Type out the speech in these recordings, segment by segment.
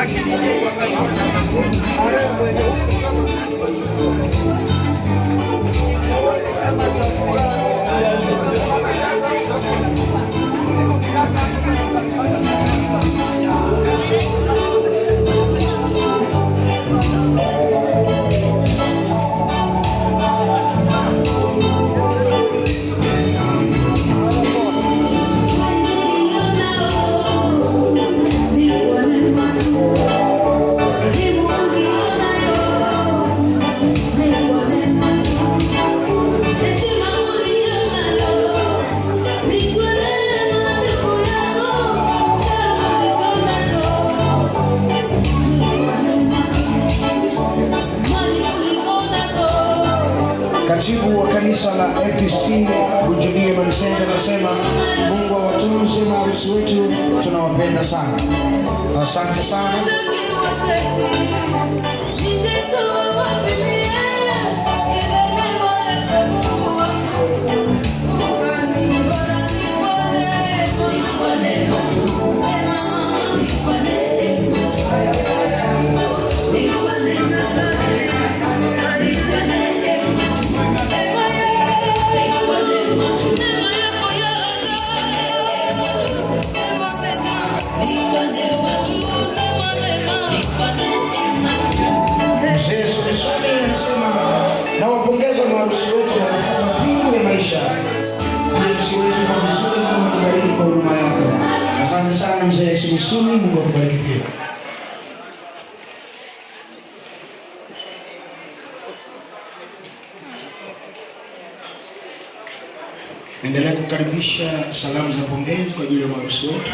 Thank you. kanisa la FST Bunjulie Manisenga anasema Mungu awatunze maharusi wetu, tunawapenda sana. Asante sana. Sumisumi. Mungu akubariki pia. Naendelea kukaribisha salamu za pongezi kwa ajili ya maharusi wetu.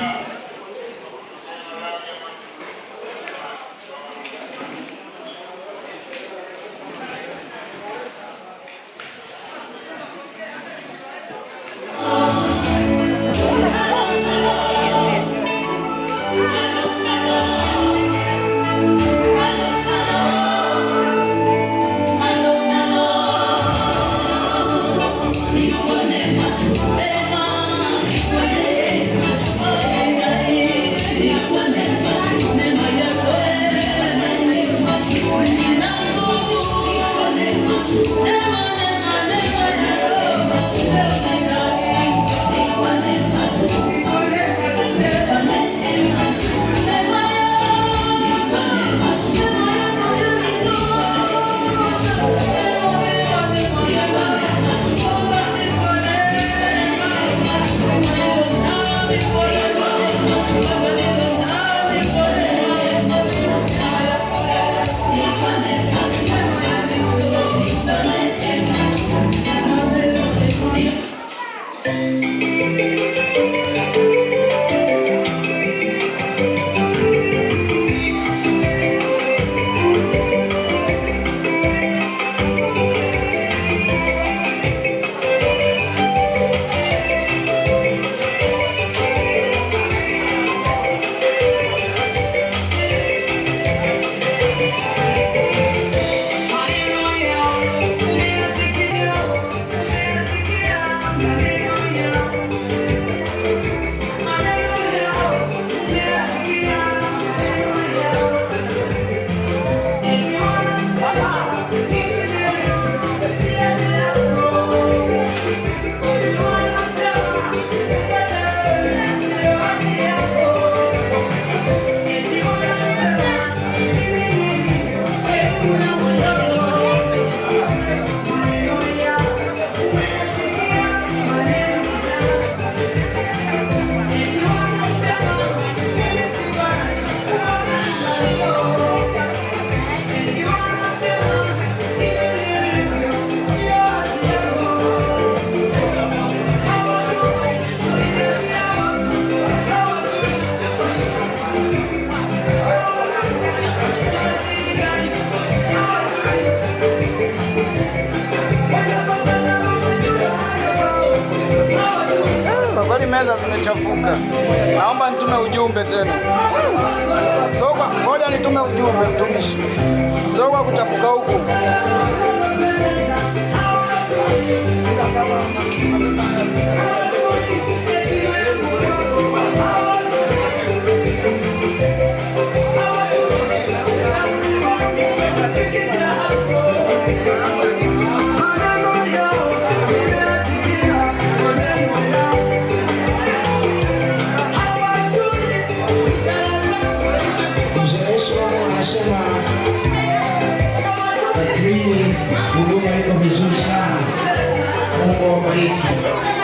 zimechafuka. Naomba nitume ujumbe tena. Soko ngoja nitume ujumbe mtumishi. kwa kuchafuka huku. anasema Katrini, huduma iko vizuri sana. Mungu awabariki sana.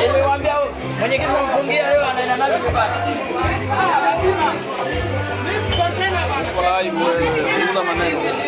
Nimewaambia mwenyekiti wamfungia leo anaenda nayo kupata. Kwa hiyo kuna maneno